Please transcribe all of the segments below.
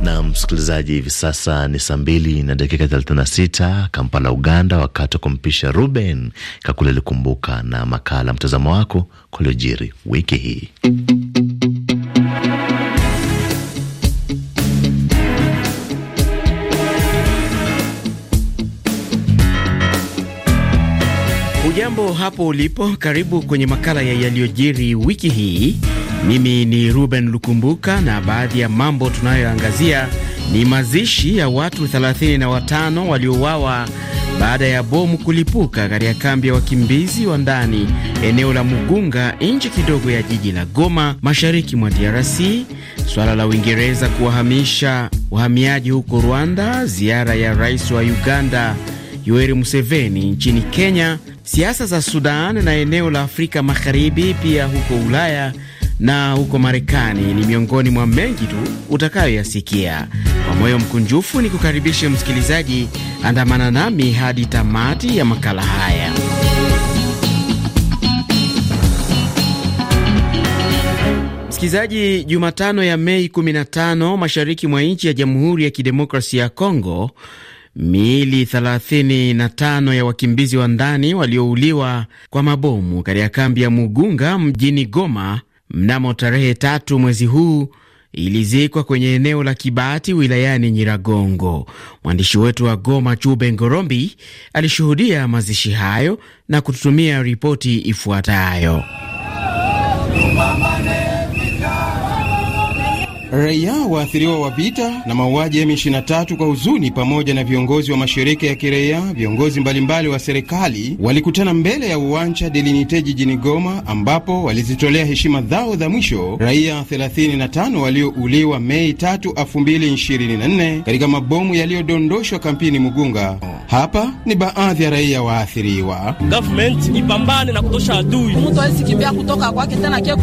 Na msikilizaji, hivi sasa ni saa mbili na dakika 36 Kampala, Uganda, wakati wa kumpisha Ruben Kakule Likumbuka na makala mtazamo wako kuliojiri wiki hii. ujambo hapo ulipo, karibu kwenye makala ya yaliyojiri wiki hii mimi ni Ruben Lukumbuka, na baadhi ya mambo tunayoangazia ni mazishi ya watu 35 waliouawa baada ya bomu kulipuka katika kambi ya wakimbizi wa ndani eneo la Mugunga, nje kidogo ya jiji la Goma, mashariki mwa DRC. Swala la Uingereza kuwahamisha wahamiaji huko Rwanda, ziara ya rais wa Uganda Yoweri Museveni nchini Kenya, siasa za Sudan na eneo la Afrika Magharibi, pia huko Ulaya na huko Marekani ni miongoni mwa mengi tu utakayoyasikia. Kwa moyo mkunjufu ni kukaribisha msikilizaji, andamana nami hadi tamati ya makala haya. Msikilizaji, Jumatano ya Mei 15 mashariki mwa nchi ya Jamhuri ya Kidemokrasia ya Kongo, miili 35 ya wakimbizi wa ndani waliouliwa kwa mabomu katika kambi ya Mugunga mjini Goma mnamo tarehe tatu mwezi huu ilizikwa kwenye eneo la Kibati wilayani Nyiragongo. Mwandishi wetu wa Goma, Chube Ngorombi, alishuhudia mazishi hayo na kututumia ripoti ifuatayo. Raia waathiriwa wa vita na mauaji ya M23 kwa huzuni, pamoja na viongozi wa mashirika ya kiraia, viongozi mbalimbali wa serikali walikutana mbele ya uwanja Delinite jijini Goma, ambapo walizitolea heshima zao za mwisho raia 35 waliouliwa Mei 3, 2024 katika mabomu yaliyodondoshwa kampini Mugunga. Hapa ni baadhi ya raia waathiriwa. Government ipambane na kutosha adui, mtu asikimbia kutoka kwake tena,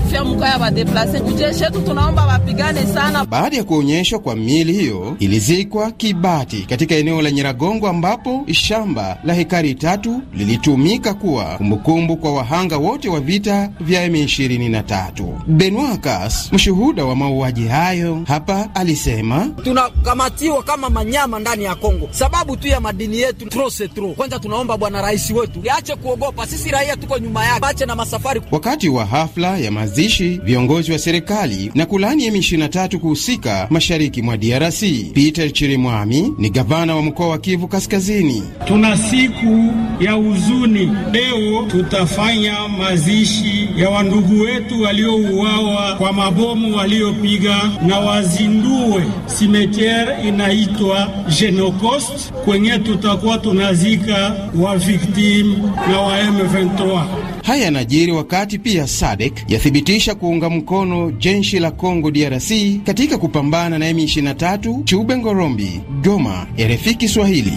kufia tunaomba wapigane sana. Baada ya kuonyeshwa kwa miili hiyo, ilizikwa Kibati katika eneo la Nyiragongo, ambapo shamba la hekari tatu lilitumika kuwa kumbukumbu kwa wahanga wote wa vita vya M23. Benoit Kas, mshuhuda wa mauaji hayo, hapa alisema, tunakamatiwa kama manyama ndani ya Kongo sababu tu ya madini yetu trosetro. Kwanza tunaomba bwana rais wetu liache kuogopa, sisi raia tuko nyuma yake, ache na masafari. Wakati wa hafla ya mazishi, viongozi wa serikali na kulani M23 tatu kuhusika mashariki mwa DRC. Peter Chirimwami ni gavana wa mkoa wa Kivu Kaskazini. Tuna siku ya huzuni leo, tutafanya mazishi ya wandugu wetu waliouawa kwa mabomu waliopiga, na wazindue simetiere inaitwa Genocost kwenye tutakuwa tunazika wa victim na wa M23. Haya yanajiri wakati pia SADC yathibitisha kuunga mkono jeshi la Kongo DRC katika kupambana na M23. Chube Ngorombi, Goma, RFI Kiswahili.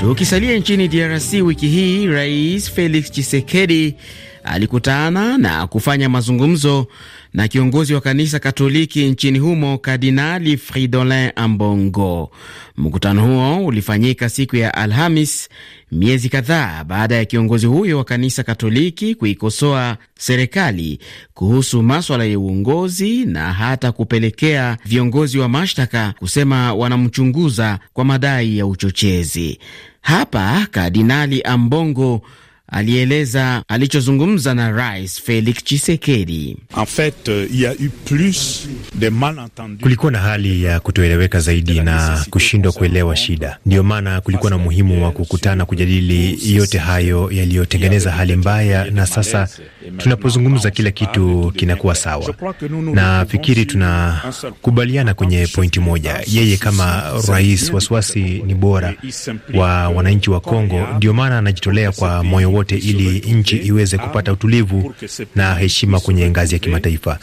Tukisalia nchini DRC, wiki hii Rais Felix Tshisekedi alikutana na kufanya mazungumzo na kiongozi wa kanisa Katoliki nchini humo Kardinali Fridolin Ambongo. Mkutano huo ulifanyika siku ya Alhamis, miezi kadhaa baada ya kiongozi huyo wa kanisa Katoliki kuikosoa serikali kuhusu maswala ya uongozi na hata kupelekea viongozi wa mashtaka kusema wanamchunguza kwa madai ya uchochezi. Hapa Kardinali Ambongo alieleza alichozungumza na Rais Felix Chisekedi. En fait, y a eu plus de Kulikuwa na hali ya kutoeleweka zaidi na kushindwa kuelewa shida, ndiyo maana kulikuwa na umuhimu wa kukutana kujadili yote hayo yaliyotengeneza hali mbaya, na sasa tunapozungumza kila kitu kinakuwa sawa. Nafikiri tunakubaliana kwenye pointi moja, yeye kama rais, wasiwasi ni bora wa wananchi wa Kongo, ndiyo maana anajitolea kwa moyo wote yote ili nchi iweze kupata utulivu na heshima kwenye ngazi ya kimataifa.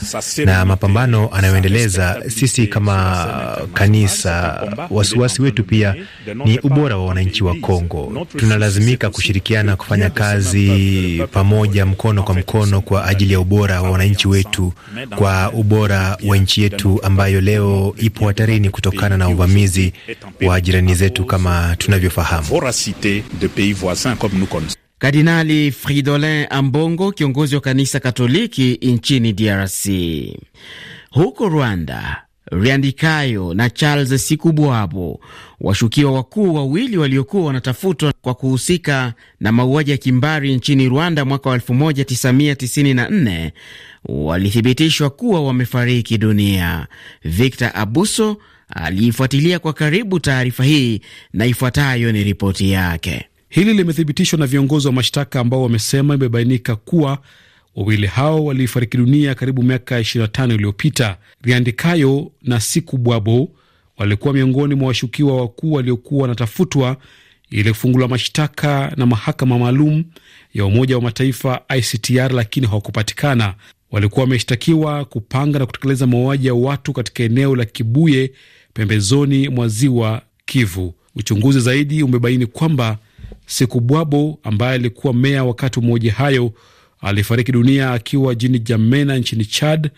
Na mapambano anayoendeleza, sisi kama uh, kanisa, uh, wasiwasi wetu pia ni ubora wa wananchi wa Kongo. Tunalazimika kushirikiana kufanya kazi pamoja, mkono kwa mkono, kwa ajili ya ubora wa wananchi wetu, kwa ubora wa nchi yetu ambayo leo ipo hatarini kutokana na uvamizi wa jirani zetu kama tunavyofahamu. Kardinali Fridolin Ambongo, kiongozi wa kanisa Katoliki nchini DRC. Huko Rwanda, Riandikayo na Charles Sikubwabo, washukiwa wakuu wawili waliokuwa wanatafutwa kwa kuhusika na mauaji ya kimbari nchini Rwanda mwaka wa 1994 walithibitishwa kuwa wamefariki dunia. Victor Abuso aliifuatilia kwa karibu taarifa hii na ifuatayo ni ripoti yake. Hili limethibitishwa na viongozi wa mashtaka ambao wamesema imebainika kuwa wawili hao walifariki dunia karibu miaka 25 iliyopita. Riandikayo na Siku Bwabo walikuwa miongoni mwa washukiwa wakuu waliokuwa wanatafutwa ili kufungula mashtaka na mahakama maalum ya Umoja wa Mataifa ICTR, lakini hawakupatikana. Walikuwa wameshtakiwa kupanga na kutekeleza mauaji ya watu katika eneo la Kibuye pembezoni mwa ziwa Kivu. Uchunguzi zaidi umebaini kwamba Sikubwabo ambaye alikuwa meya wakati wa mauaji hayo alifariki dunia akiwa jini Jamena nchini Chad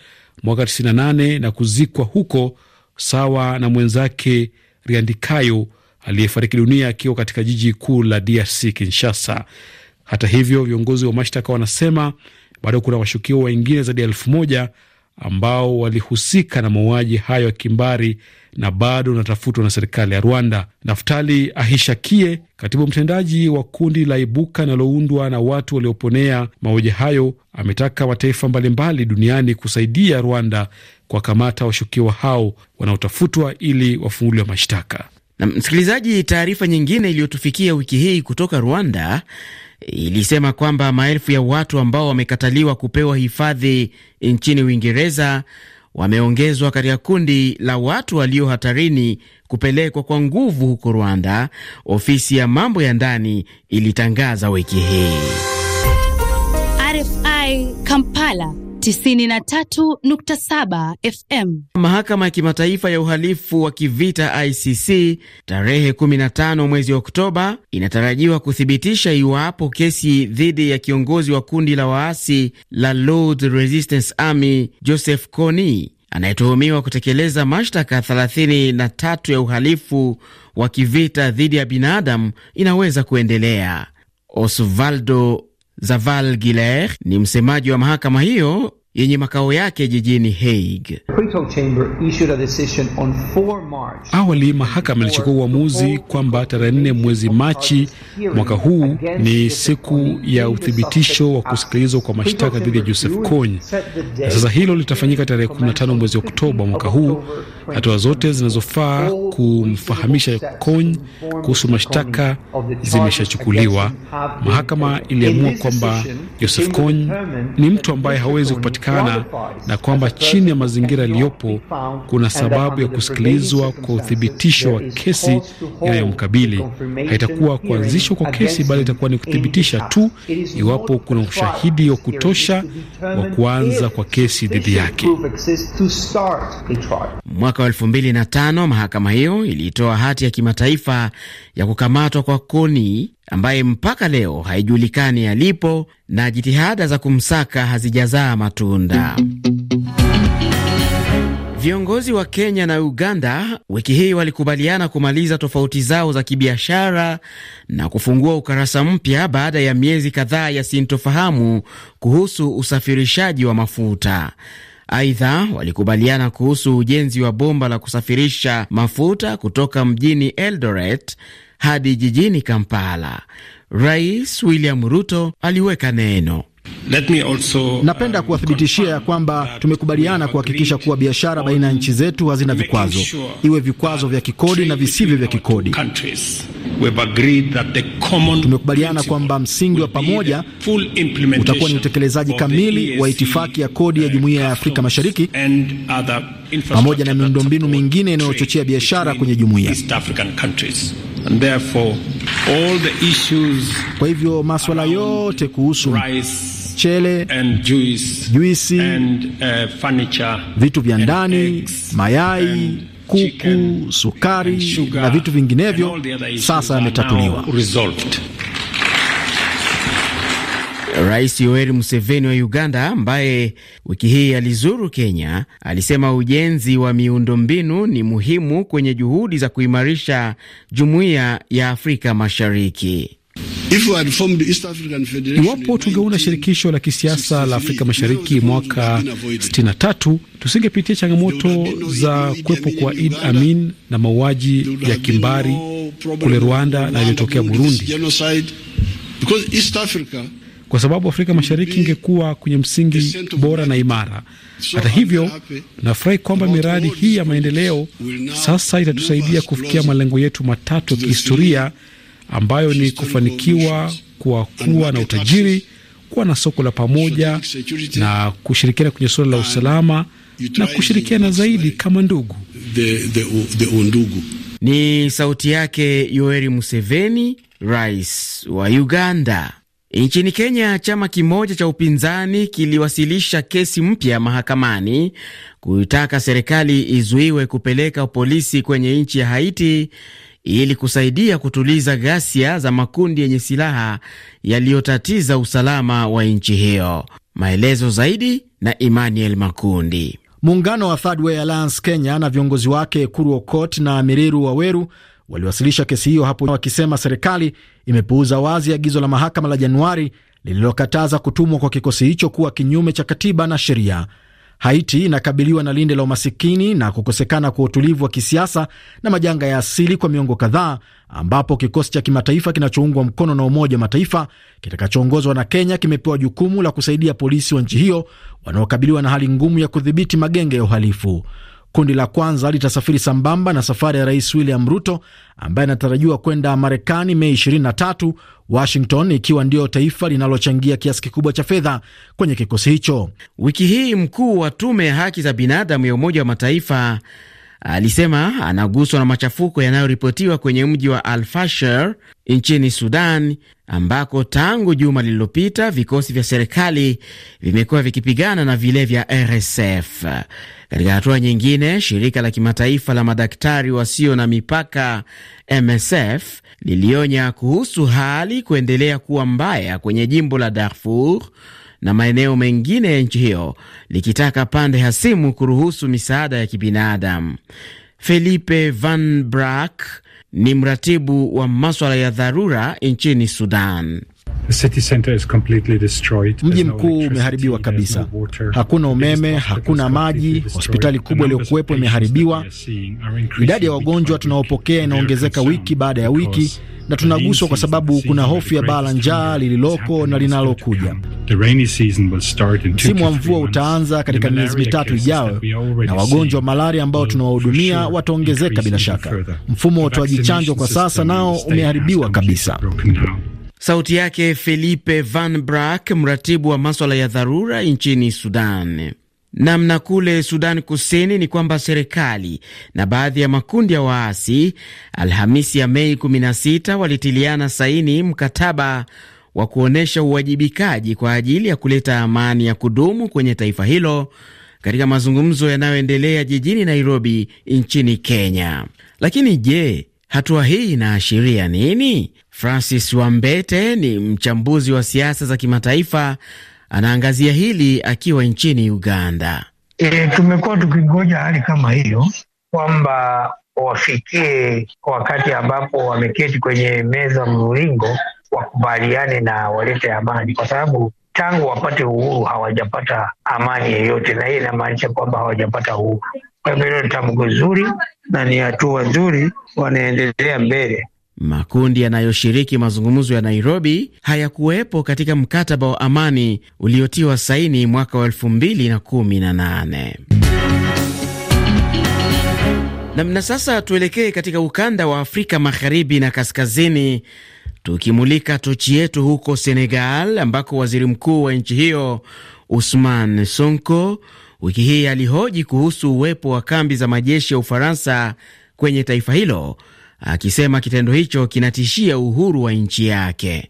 mwaka 98 na kuzikwa huko sawa na mwenzake Riandikayo aliyefariki dunia akiwa katika jiji kuu la DRC Kinshasa. Hata hivyo, viongozi wa mashtaka wanasema bado kuna washukiwa wengine zaidi ya elfu moja ambao walihusika na mauaji hayo ya kimbari na bado unatafutwa na serikali ya Rwanda. Naftali Ahishakie, katibu mtendaji wa kundi la Ibuka linaloundwa na watu walioponea mauaji hayo, ametaka mataifa mbalimbali duniani kusaidia Rwanda kuwakamata washukiwa hao wanaotafutwa ili wafunguliwe mashtaka. Na msikilizaji, taarifa nyingine iliyotufikia wiki hii kutoka Rwanda ilisema kwamba maelfu ya watu ambao wamekataliwa kupewa hifadhi nchini Uingereza wameongezwa katika kundi la watu walio hatarini kupelekwa kwa nguvu huko Rwanda, ofisi ya mambo ya ndani ilitangaza wiki hii. RFI Kampala 93.7 FM. Mahakama ya Kimataifa ya Uhalifu wa Kivita ICC tarehe 15 mwezi Oktoba inatarajiwa kuthibitisha iwapo kesi dhidi ya kiongozi wa kundi la waasi la Lord Resistance Army Joseph Kony anayetuhumiwa kutekeleza mashtaka 33 ya uhalifu wa kivita dhidi ya binadamu inaweza kuendelea. Osvaldo Zaval Giler ni msemaji wa mahakama hiyo yenye makao yake jijini Hague. Awali mahakama ilichukua uamuzi kwamba tarehe nne mwezi Machi mwaka huu ni siku ya uthibitisho wa kusikilizwa kwa mashtaka dhidi ya Joseph Kony, na sasa hilo litafanyika tarehe 15 mwezi Oktoba mwaka huu. Hatua zote zinazofaa kumfahamisha Kony kuhusu mashtaka zimeshachukuliwa. Mahakama iliamua kwamba Joseph Kony ni mtu ambaye hawezi kupatikana inawezekana na kwamba chini ya mazingira yaliyopo kuna sababu ya kusikilizwa kwa uthibitisho wa kesi inayomkabili. Haitakuwa kuanzishwa kwa kesi, bali itakuwa ni kuthibitisha tu iwapo kuna ushahidi wa kutosha wa kuanza kwa kesi dhidi yake. Mwaka wa elfu mbili na tano mahakama hiyo ilitoa hati ya kimataifa ya kukamatwa kwa Koni ambaye mpaka leo haijulikani alipo na jitihada za kumsaka hazijazaa matunda. Viongozi wa Kenya na Uganda wiki hii walikubaliana kumaliza tofauti zao za kibiashara na kufungua ukarasa mpya baada ya miezi kadhaa ya sintofahamu kuhusu usafirishaji wa mafuta. Aidha, walikubaliana kuhusu ujenzi wa bomba la kusafirisha mafuta kutoka mjini Eldoret hadi jijini Kampala. Rais William Ruto aliweka neno Let me also, uh, napenda kuwathibitishia ya kwamba tumekubaliana kuhakikisha kuwa biashara baina ya nchi zetu hazina vikwazo, iwe vikwazo vya kikodi na visivyo vya kikodi. Tumekubaliana kwamba msingi wa pamoja utakuwa ni utekelezaji kamili e wa itifaki ya kodi ya Jumuiya ya Afrika Mashariki pamoja na miundombinu mingine inayochochea biashara kwenye jumuiya. And therefore, all the issues kwa hivyo maswala yote kuhusu chele and juice, juisi and, uh, furniture, vitu vya ndani, mayai and kuku, sukari na vitu vinginevyo sasa yametatuliwa. Rais Yoweri Museveni wa Uganda, ambaye wiki hii alizuru Kenya, alisema ujenzi wa miundombinu ni muhimu kwenye juhudi za kuimarisha jumuiya ya Afrika Mashariki. Iwapo tungeunda shirikisho la kisiasa la Afrika Mashariki mwaka 63 tusingepitia changamoto za kuwepo kwa Idi Amin na mauaji ya kimbari kule Rwanda na iliyotokea Burundi kwa sababu Afrika Mashariki ingekuwa kwenye msingi bora na imara. Hata hivyo, nafurahi kwamba miradi hii ya maendeleo sasa itatusaidia kufikia malengo yetu matatu ya kihistoria ambayo ni kufanikiwa kwa kuwa na utajiri, kuwa na soko la pamoja na kushirikiana kwenye suala la usalama na kushirikiana zaidi kama ndugu. Ni sauti yake Yoweri Museveni, rais wa Uganda. Nchini Kenya, chama kimoja cha upinzani kiliwasilisha kesi mpya mahakamani kuitaka serikali izuiwe kupeleka polisi kwenye nchi ya Haiti ili kusaidia kutuliza ghasia za makundi yenye silaha yaliyotatiza usalama wa nchi hiyo. Maelezo zaidi na Emmanuel Makundi. Muungano wa Thirdway Alliance Kenya na viongozi wake Ekuru na Miriru Waweru waliwasilisha kesi hiyo hapo wakisema serikali imepuuza wazi agizo la mahakama la Januari lililokataza kutumwa kwa kikosi hicho kuwa kinyume cha katiba na sheria. Haiti inakabiliwa na linde la umasikini na kukosekana kwa utulivu wa kisiasa na majanga ya asili kwa miongo kadhaa, ambapo kikosi cha kimataifa kinachoungwa mkono na Umoja wa Mataifa kitakachoongozwa na Kenya kimepewa jukumu la kusaidia polisi wa nchi hiyo wanaokabiliwa na hali ngumu ya kudhibiti magenge ya uhalifu. Kundi la kwanza litasafiri sambamba na safari ya Rais William Ruto ambaye anatarajiwa kwenda Marekani Mei 23, Washington ikiwa ndiyo taifa linalochangia kiasi kikubwa cha fedha kwenye kikosi hicho. Wiki hii mkuu wa tume ya haki za binadamu ya Umoja wa Mataifa alisema anaguswa na machafuko yanayoripotiwa kwenye mji wa alfasher nchini Sudan, ambako tangu juma lililopita vikosi vya serikali vimekuwa vikipigana na vile vya RSF. Katika hatua nyingine, shirika la kimataifa la madaktari wasio na mipaka MSF lilionya kuhusu hali kuendelea kuwa mbaya kwenye jimbo la Darfur na maeneo mengine ya nchi hiyo likitaka pande hasimu kuruhusu misaada ya kibinadamu. Felipe Van Brak ni mratibu wa maswala ya dharura nchini Sudan. Mji mkuu umeharibiwa kabisa, hakuna umeme, hakuna maji. Hospitali kubwa iliyokuwepo imeharibiwa. Idadi ya wagonjwa tunaopokea inaongezeka wiki baada ya wiki, na tunaguswa kwa sababu kuna hofu ya baa la njaa lililoko na linalokuja. Msimu wa mvua utaanza katika miezi mitatu ijayo, na wagonjwa wa malaria ambao tunawahudumia wataongezeka bila shaka. Mfumo wa utoaji chanjo kwa sasa nao umeharibiwa kabisa. Sauti yake Felipe Van Brak, mratibu wa maswala ya dharura nchini Sudan. Namna kule Sudan Kusini ni kwamba serikali na baadhi ya makundi ya waasi Alhamisi ya Mei 16 walitiliana saini mkataba wa kuonyesha uwajibikaji kwa ajili ya kuleta amani ya kudumu kwenye taifa hilo katika mazungumzo yanayoendelea jijini Nairobi nchini Kenya. Lakini je, Hatua hii inaashiria nini? Francis Wambete ni mchambuzi wa siasa za kimataifa, anaangazia hili akiwa nchini Uganda. E, tumekuwa tukingoja hali kama hiyo kwamba wafikie wakati ambapo wameketi kwenye meza mviringo, wakubaliane na walete amani, kwa sababu tangu wapate uhuru hawajapata amani yeyote, na hii inamaanisha kwamba hawajapata uhuru. Hilo ni tamko zuri na ni hatua nzuri, wanaendelea mbele. Makundi yanayoshiriki mazungumzo ya Nairobi hayakuwepo katika mkataba wa amani uliotiwa saini mwaka wa elfu mbili na kumi na nane. Na, na sasa tuelekee katika ukanda wa Afrika magharibi na kaskazini tukimulika tochi yetu huko Senegal ambako waziri mkuu wa nchi hiyo usman Sonko wiki hii alihoji kuhusu uwepo wa kambi za majeshi ya Ufaransa kwenye taifa hilo, akisema kitendo hicho kinatishia uhuru wa nchi yake.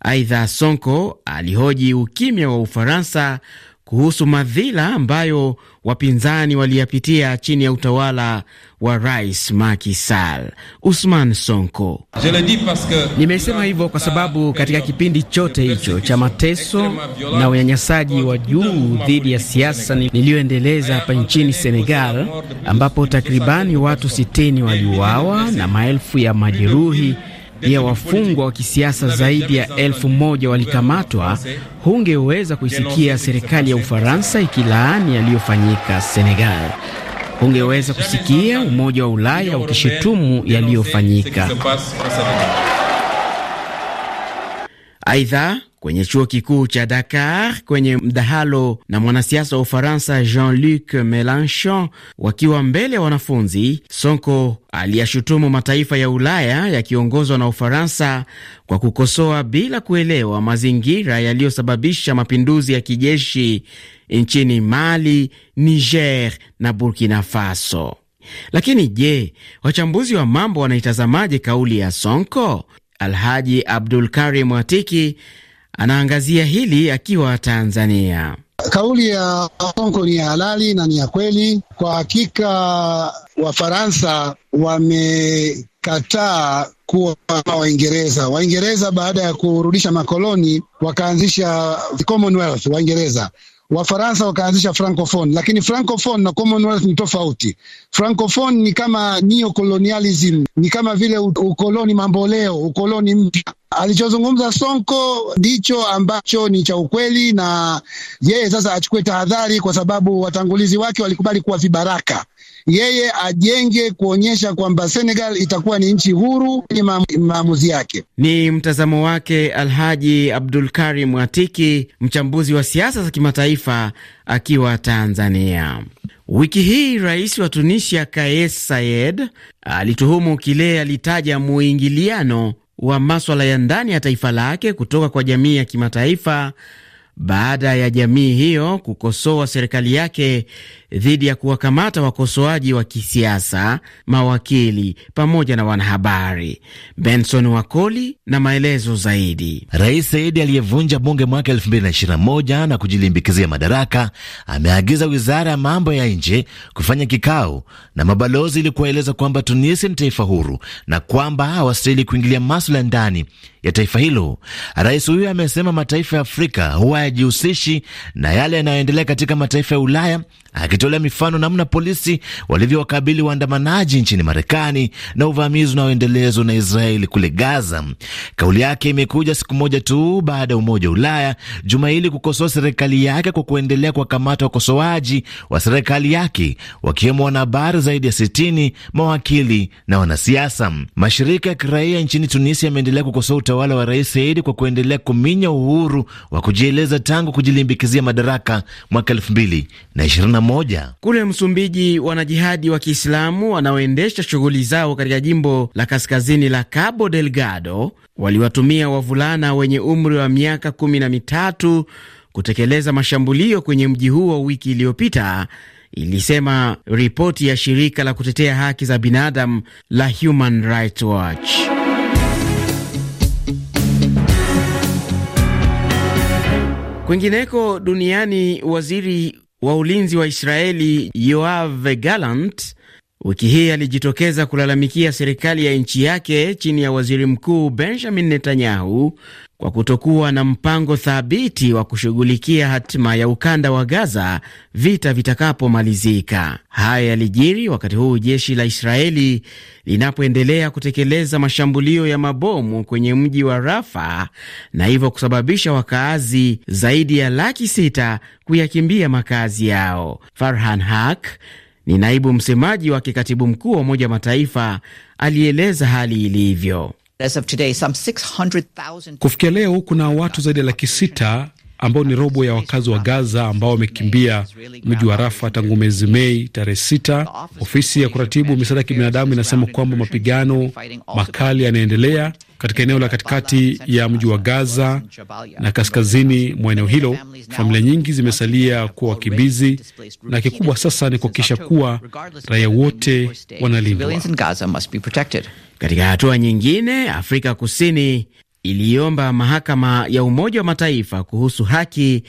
Aidha, Sonko alihoji ukimya wa Ufaransa kuhusu madhila ambayo wapinzani waliyapitia chini ya utawala wa Rais Macky Sall. Usman Sonko: nimesema hivyo kwa sababu katika kipindi chote hicho cha mateso na unyanyasaji wa juu dhidi ya siasa niliyoendeleza hapa nchini Senegal, ambapo takribani watu sitini waliuawa na maelfu ya majeruhi ya wafungwa wa kisiasa zaidi ya elfu moja walikamatwa, hungeweza kuisikia serikali ya Ufaransa ikilaani yaliyofanyika Senegal. Hungeweza kusikia Umoja wa Ulaya ukishutumu yaliyofanyika. Aidha, kwenye chuo kikuu cha Dakar kwenye mdahalo na mwanasiasa wa Ufaransa Jean-Luc Melenchon. Wakiwa mbele ya wanafunzi, Sonko aliyashutumu mataifa ya Ulaya yakiongozwa na Ufaransa kwa kukosoa bila kuelewa mazingira yaliyosababisha mapinduzi ya kijeshi nchini Mali, Niger na Burkina Faso. Lakini je, wachambuzi wa mambo wanaitazamaje kauli ya Sonko? Alhaji Abdul Karim Watiki anaangazia hili akiwa Tanzania. Kauli ya Kongo ni ya halali na ni ya kweli. Kwa hakika, Wafaransa wamekataa kuwa kama Waingereza. Waingereza baada ya kurudisha makoloni wakaanzisha Commonwealth Waingereza Wafaransa wakaanzisha francophone, lakini francophone na Commonwealth ni tofauti. Francophone ni kama neocolonialism, ni kama vile ukoloni mamboleo, ukoloni mpya. Alichozungumza Sonko ndicho ambacho ni cha ukweli, na yeye sasa achukue tahadhari, kwa sababu watangulizi wake walikubali kuwa vibaraka yeye ajenge kuonyesha kwamba Senegal itakuwa ni nchi huru ni maamuzi yake. Ni mtazamo wake Alhaji Karim Atiki, mchambuzi wa siasa za kimataifa akiwa Tanzania. Wiki hii rais wa Tunisia Kais Saied alituhumu kile alitaja muingiliano wa maswala ya ndani ya taifa lake kutoka kwa jamii ya kimataifa baada ya jamii hiyo kukosoa serikali yake dhidi ya kuwakamata wakosoaji wa kisiasa, mawakili pamoja na wanahabari. Benson Wakoli na maelezo zaidi. Rais Saidi aliyevunja bunge mwaka 2021 na kujilimbikizia madaraka ameagiza wizara ya mambo ya nje kufanya kikao na mabalozi ili kuwaeleza kwamba Tunisia ni taifa huru na kwamba hawastahili kuingilia maswala ndani ya taifa hilo. Rais huyo amesema mataifa ya Afrika huwa hayajihusishi na yale yanayoendelea katika mataifa ya Ulaya akitolea mifano namna polisi walivyowakabili waandamanaji nchini Marekani na uvamizi unaoendelezwa na Israeli kule Gaza. Kauli yake imekuja siku moja tu baada ya Umoja wa Ulaya juma hili kukosoa serikali yake kwa kuendelea kuwakamata wakosoaji wa serikali yake, wakiwemo wanahabari zaidi ya 60, mawakili na wanasiasa. Mashirika ya kiraia nchini Tunisia yameendelea kukosoa utawala wa Rais Saidi kwa kuendelea kuminya uhuru wa kujieleza tangu kujilimbikizia madaraka mwaka elfu moja. Kule Msumbiji, wanajihadi wa Kiislamu wanaoendesha shughuli zao katika jimbo la kaskazini la Cabo Delgado waliwatumia wavulana wenye umri wa miaka kumi na mitatu kutekeleza mashambulio kwenye mji huo wiki iliyopita, ilisema ripoti ya shirika la kutetea haki za binadamu la Human Rights Watch. Kwingineko duniani, waziri wa ulinzi wa Israeli Yoav Gallant wiki hii alijitokeza kulalamikia serikali ya nchi yake chini ya waziri mkuu Benjamin Netanyahu kwa kutokuwa na mpango thabiti wa kushughulikia hatima ya ukanda wa Gaza vita vitakapomalizika. Haya yalijiri wakati huu jeshi la Israeli linapoendelea kutekeleza mashambulio ya mabomu kwenye mji wa Rafa na hivyo kusababisha wakaazi zaidi ya laki sita kuyakimbia makazi yao. Farhan Hak ni naibu msemaji wake katibu mkuu wa Umoja wa Mataifa alieleza hali ilivyo. Kufikia leo kuna watu zaidi ya laki sita ambao ni robo ya wakazi wa Gaza ambao wamekimbia mji wa Rafa tangu mwezi Mei tarehe sita. Ofisi ya kuratibu misaada ya kibinadamu inasema kwamba mapigano makali yanaendelea katika eneo la katikati ya mji wa Gaza na kaskazini mwa eneo hilo. Familia nyingi zimesalia kuwa wakimbizi, na kikubwa sasa ni kuhakikisha kuwa raia wote wanalindwa. Katika hatua nyingine, Afrika Kusini iliomba mahakama ya Umoja wa Mataifa kuhusu haki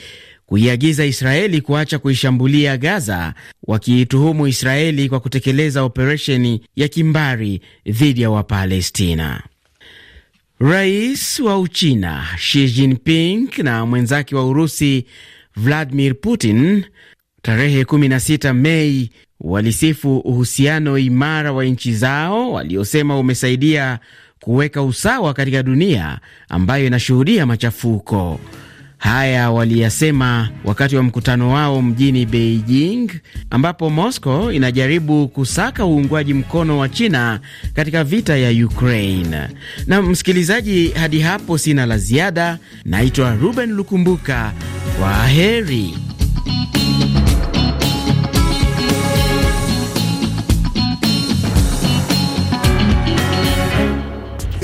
kuiagiza Israeli kuacha kuishambulia Gaza, wakiituhumu Israeli kwa kutekeleza operesheni ya kimbari dhidi ya Wapalestina. Rais wa Uchina Xi Jinping na mwenzake wa Urusi Vladimir Putin tarehe 16 Mei walisifu uhusiano imara wa nchi zao waliosema umesaidia kuweka usawa katika dunia ambayo inashuhudia machafuko. Haya waliyasema wakati wa mkutano wao mjini Beijing, ambapo Moscow inajaribu kusaka uungwaji mkono wa China katika vita ya Ukraine. Na msikilizaji, hadi hapo sina la ziada. Naitwa Ruben Lukumbuka, kwa heri.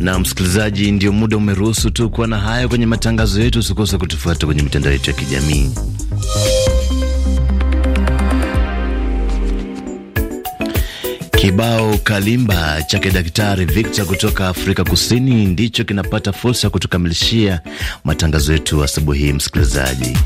Na msikilizaji, ndio muda umeruhusu tu kuwa na haya kwenye matangazo yetu. Usikose kutufuata kwenye mitandao yetu ya kijamii. Kibao kalimba chake Daktari Victor kutoka Afrika Kusini ndicho kinapata fursa ya kutukamilishia matangazo yetu asubuhi hii, msikilizaji.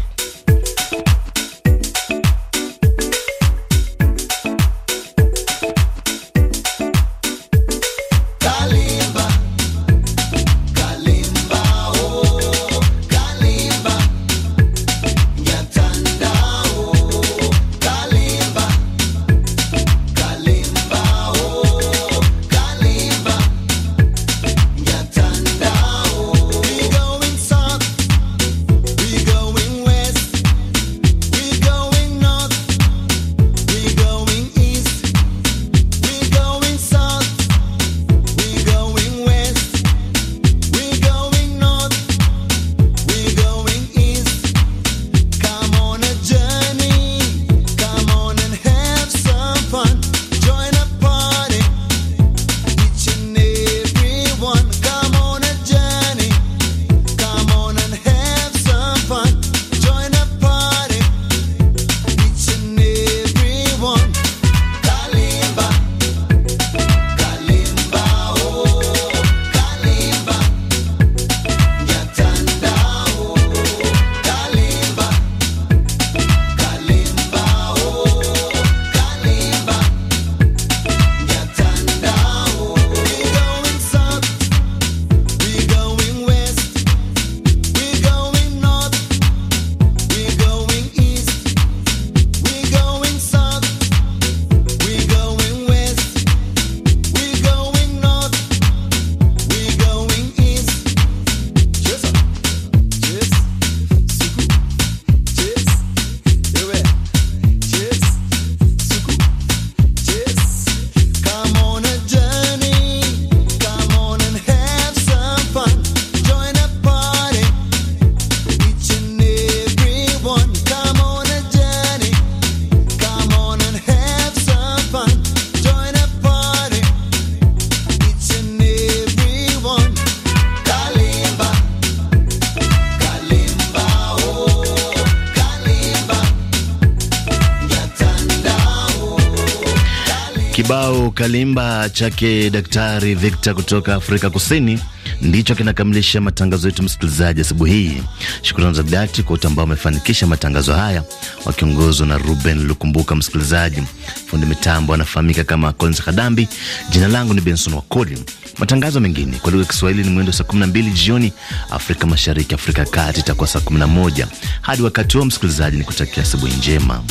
Kalimba chake Daktari Victor kutoka Afrika Kusini ndicho kinakamilisha matangazo yetu msikilizaji asubuhi hii. Shukrani za dhati kwa wote ambao wamefanikisha matangazo haya wakiongozwa na Ruben Lukumbuka. Msikilizaji, fundi mitambo anafahamika kama Collins Kadambi. Jina langu ni Benson Wakoli. Matangazo mengine kwa lugha ya Kiswahili ni mwendo saa 12 jioni Afrika Mashariki, Afrika ya Kati itakuwa saa 11. Hadi wakati huo, msikilizaji, nikutakia asubuhi njema.